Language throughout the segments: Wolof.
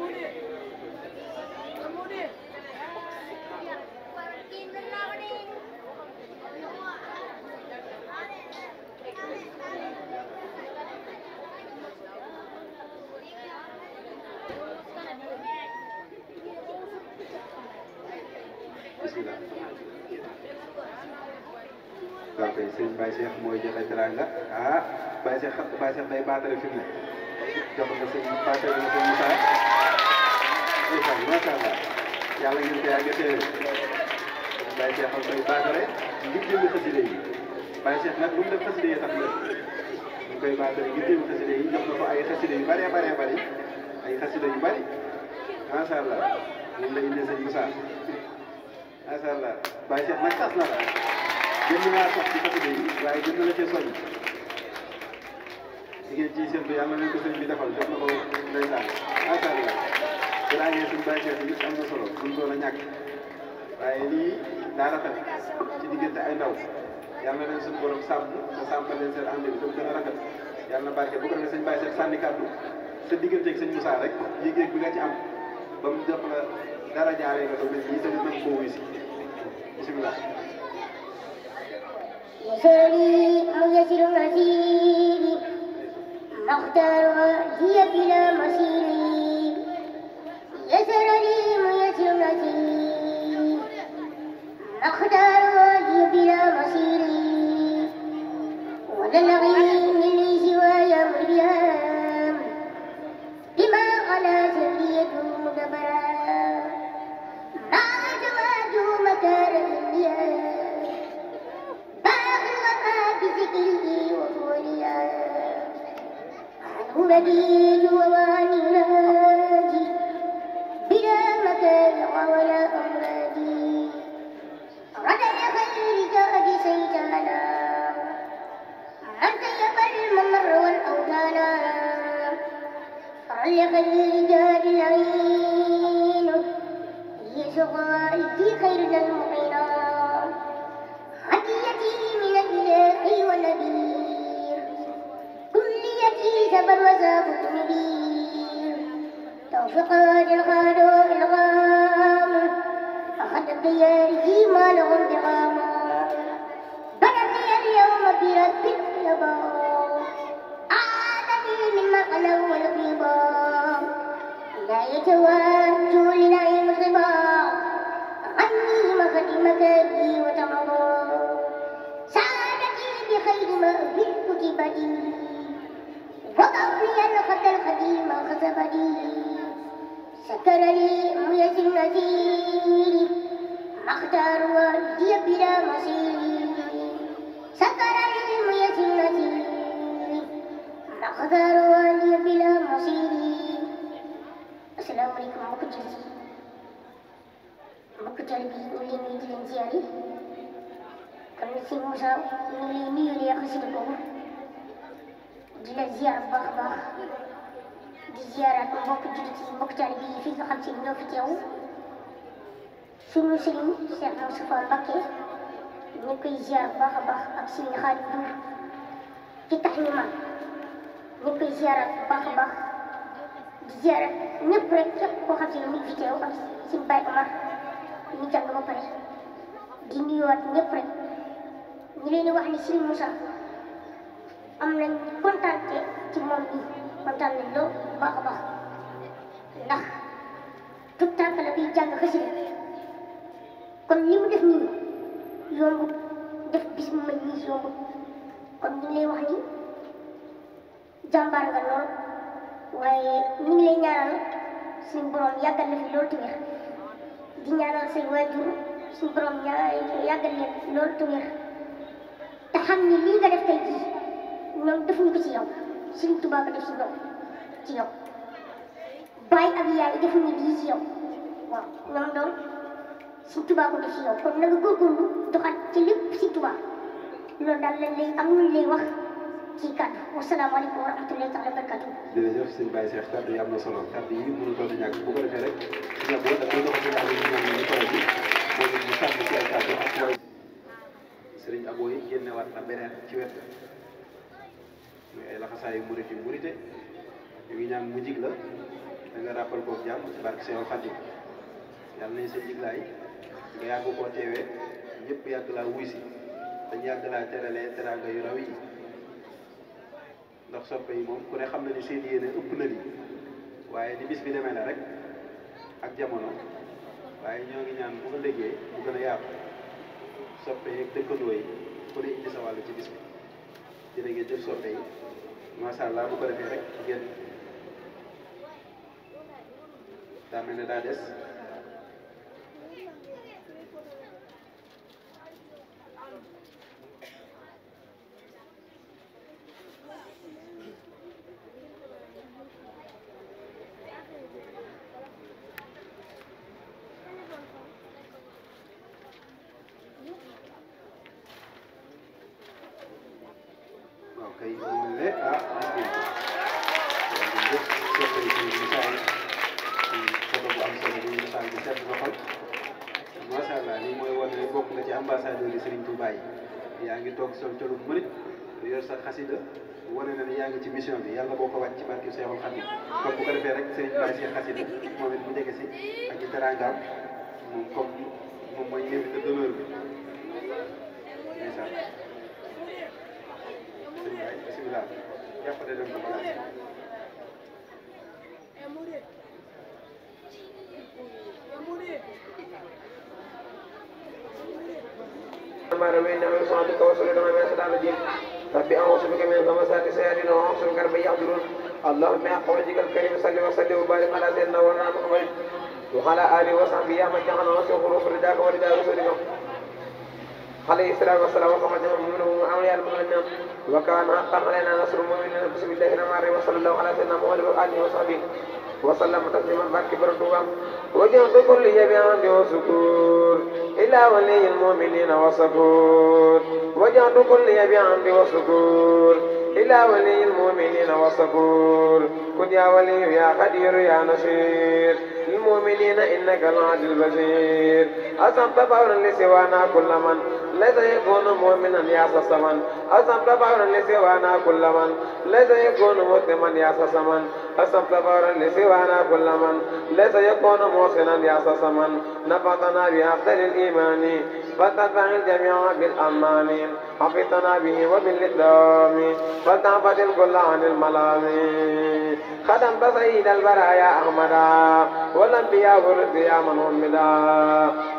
bismillah waaw kay sëñ Baye Cheikh mooy joxe teraanga ah Baye Cheikh Baye Cheikh day baatale fi mu ne jox ko sëñ Fatou Seye jox ko sëñ Moussa. macha allah yàlla ngeen ko yàgg a teewee bàyyi Cheikh am koy baatare ngir jënd xaside yi bàyyi Cheikh nag lu mu def xaside yi tax na ñu koy baatare ngir jënd xaside yi jox na ko ay xaside yu bëree bëree bëri ay xaside yu bëri macha allah moom la indee sëñ Moussa macha allah bàyyi Cheikh nag tas na la jënd naa sax ci xaside yi waaye jënd na la cee soññ. li ngeen ciy séntu yàlla nañ ko sëñ bi defal def na ko ndeysaan macha allah jëlaatee suñu baykat yi am na solo suñu doon a ñàkk waaye lii daa rafet ci diggante ay ndaw yàlla nañ suñu borom sàmm te sàmmal leen seen ànd bi ba mu gën a rafet yàlla na barke bu ko defee sëñ Baye Seck sànni kàddu sa digganteeg sëñ Moussa rek yéeg bi nga ci am ba mu jox la dara jaaree nga doon léegi yi tamit mën koo wuyu si bisimilah. مقدارها هي بلا مصيري يسر لي ميسر نسير مقدارها النبي جبل وزاغ مبين توفيقات قالوا إلغام أخذ بدياره ما لهم بغام بلغني اليوم برب الخيام أعادني من مقلى والقيام لا يتوجه لله الخبار عني مخدمك لي وتمضى سعادتي بخير ما في كتبتي فقط لي الخد القديم خصب لي سكر لي ميز النذير مختار وردي بلا مصير سكر لي ميز النذير مختار وردي بلا مصير السلام عليكم mbokk jullit mbokk talib bi ñu leen di leen ziyaare kon si Moussa la ziar bu baax a baax di ziaraat mbokk jullit yi mbokk taalibe yi fii nga xam si ñoo fi teew suñu sëriñ Cheikh Moustapha Mbacké ñu ngi koy ziar bu baax a baax ak sëriñ Xaadim Buur ci tax ñu man ñu ngi koy ziaraat bu baax a baax di ziaraat ñëpp rek képp koo xam si ne mu ngi fi teew ak sëriñ Baye Omar ñu jàng ba pare di nuyuwaat ñëpp rek ñu leen di wax ni sëriñ Moussa am nañ kontaan ci moom bi kontaan nañ lool baax baax ndax tout tànk la biy jàng xasida kon ni mu def nii yomb def bis mu mel nii yomb kon ñu lay wax ni jàmbaar nga lool waaye ñu lay ñaanal suñu borom yàggal fi lool te wér di ñaanal say waajur suñu borom yàggal leen lool te wér te ni lii nga def tey jii. ñoom defuñu ko ci yow Sëriñ Tuubaa ko def ci ñoom ci yow bàyyi ak yaay defuñu lii ci yow waaw doon Sëriñ Tuubaa def ci yow kon nag góorgóorlu doxat ci lépp Sëriñ Tuubaa loolu daal lay am luñ lay wax ci kàddu wasalaamaaleykum wa rahmatullahi taala wa barakatu sëñ Baye Cheikh kàddu ci wet muy ay laxasaayu murit yu murite ñu ngi ñaan mu jig la da nga rappel koo jàmm ci barke Seydou Khadim yàlla nañ sa jiglaay nga yàgg koo teewee ñëpp yàgg laa wuy si dañ yàgg laa teralee teraanga yu raw yi ndax soppe yi moom ku ne xam na ni seen yéene ëpp na li waaye ni bis bi demee na rek ak jamono waaye ñoo ngi ñaan bu ëllëgee bu gën a yaatu soppe yeeg dëkkandoo yi ku ne indi sa wàll ci bis bi jërë ngeen jëf soppe yi macha allah bu ko defee rek ngeen daa mel ne daa des. kay ñu ne ah macha allah lii mooy wane ne bokk na ci ambassadeur yi Serigne bu yi yaa ngi toog sol colu murit yor sa xasida wane na ne yaa ngi ci mission bi yàlla boo ko wàcc ci barke Seexul Xadim kon bu ko defee rek si xasida moom it mu jege si ak ci teraangaam moom comme moom mooy invité village jàppale leen ko bagage maanaam ay nawet soxna di ko wasu li dama mel si daal di rabbi a'uuzu bika min hamazaati sayaatiin wa a'uuzu bika rabbi an yahduruun اللهم يا قوتك الكريم صل وسلم وبارك على سيدنا مولانا محمد وعلى اله وصحبه يا من جعل نصره خلوق رداك ورداء رسولك عليه الصلاة والسلام وكما جمع مؤمنه وعمل المؤمنين وكان حقا علينا نصر المؤمنين بسم الله الرحمن الرحيم وصلى الله على سيدنا محمد وآله وصحبه وسلم تسليما بارك بردوغا وجنت كل جميع وسكور إلى ولي المؤمنين وصبور وجنت كل جميع وسكور إلى ولي المؤمنين وصبور كن يا ولي يا قدير يا نشير للمؤمنين إنك العزيز البشير أصبت فورا لسوانا كل من ليس يكون مؤمنا يعصى من أسلم تبارا لسوانا كل من ليس يكون مسلما يعصى من استغفر لسوانا كل من ليس يكون موصلا يعصصما نفطنا بأفضل الإيمان فتنفع الجميع بالأمان حفظنا به وبالإسلام فلتعبد الكل عن الملام خدمت سيد البرايا أحمدا والأنبياء والرسل من حمدا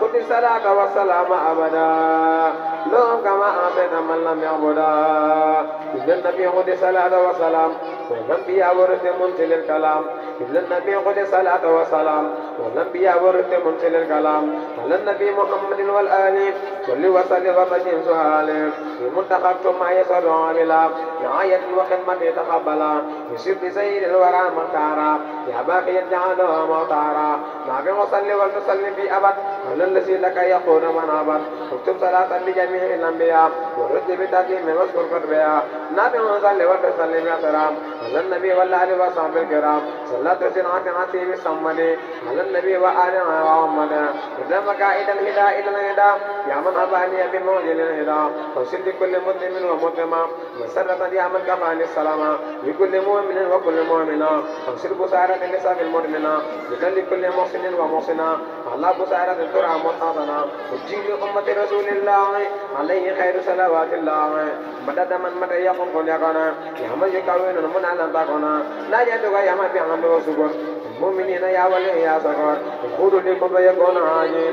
خذ الصلاة والسلام أبدا لهم كما أعطيت من لم يعبدا النبي خذ الصلاة والسلام والأنبياء ورث منزل الكلام مثل النبي عليه الصلاة والسلام والأنبياء ورث منزل الكلام على النبي محمد والآل صل وسلم وبشر سؤال بمنتخبتم ما يسر عاملا رعاية وخدمة تقبلا يسر سيد الورى مختارا يا باقي جعله مختارا ما في وصل ولتسلم في أبد على الذي لك يقول من أبد اكتب صلاة لجميع الأنبياء ورد بتكليم واذكر قربها نبي وصل ولتسلم يا سلام على النبي والآل وصحبه الكرام صلاة سرعة عتيب الصمد على النبي وآل وعمد قدامك إلى الهدى إلى الهدى يا من أباني بموجل الهدى توصل لكل مسلم ومسلمة مسرة يا من كفاني السلامة لكل مؤمن وكل مؤمنة توصل بسارة النساء المؤمنة لكل محسن ومحسنة على بسارة الترى محسنة وجيل أمة رسول الله عليه خير صلوات الله مدد من مدى يقوم يا من يكون من nan bakona na janto ga yama bi ambe wo sugo mu'minina ya wali ya sagar khudu li kumba yakuna haji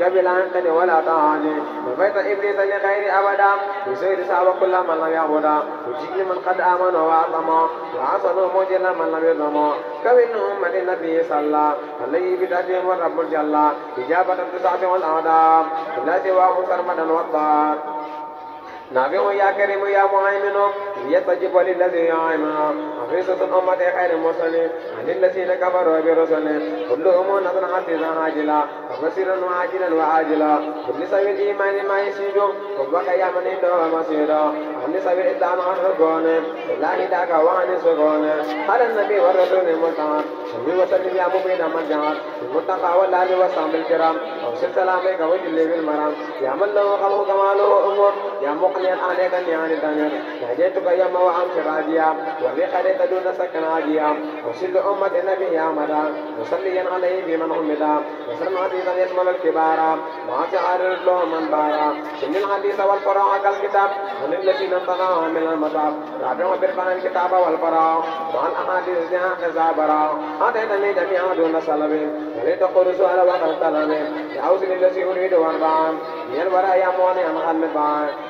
kabila an tani wala ta haji faita iblis li khairi abada yusairi sawa kullam man ya wada ujiyi man qad amana wa atama wa asanu mujila man lam yadama kawin ummati nabi sallallahu alayhi bi tadim wa rabbul jalla ijabatan tusabi wal adam la siwa sarmadan wa dar نافع يا كريم يا مهيمن يستجيب للذي يعمل عفيفة أمة خير مرسل عن الذين كفروا برسل كلهم نظر عزيزا عاجلا وبصيرا وعاجلا وعاجلا كل سبيل الإيمان ما يسيج وبقى يعمل إنه مصيرا عن سبيل الإسلام عن ركون لا هداك وعن سكون على النبي والرسول المستعان صلي وسلم يا مبين من جعل المتقى والآل والصحب الكرام أوصل سلامك وجل بالمرام يا من له خلق كماله أمور يا مقر يان عليك نيان دانر نجيتك يما وعم شراديا وبخريت دون سكناديا وسل أمة النبي يا مدى مصليا عليه بمن حمدا وسلم حديثا يشمل الكبارا مع شعار له من بارا شن الحديث والقرآن كالكتاب من الذين انطلعوا من المطاب رابعوا برفان الكتاب والقرآن وعن أحاديث جهة خزابرا أتيتني جميعا دون سلب وليت قرص على وقت الطلب لأوزن الذي أريد واربعا من الوراء يا مواني أنا أمبان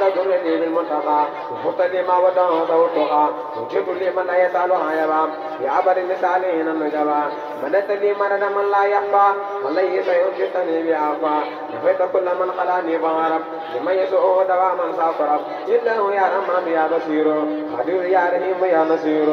هذا جرني بالمنتقى وفرت لما ودعه دوتها مجيب لمن يسألها يبا بعبر لسالين النجبا منت لي مرد من لا يخفى والله سيجتني بأخفى نفيت كل من خلاني بغرب لمن يسوء دواما ساقرب إلا يا رحمن يا بصير قدير يا رحيم يا نصير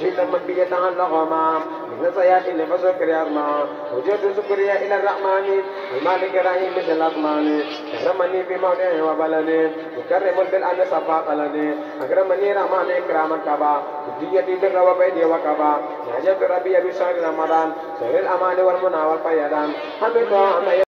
جيت من بيتعلق معه من سياتي فسكر يا رحمن وجدت سكري إلى الرحمن المالك رحيم مثل الأطمان رمني بموضع وبلد شر ملك أن صفا قلني أكرمني رما إكراما كبا ديتي بالروا بيدي وكبا نجد ربي بشهر رمضان شهر الأمان والمنى والفيضان حمد الله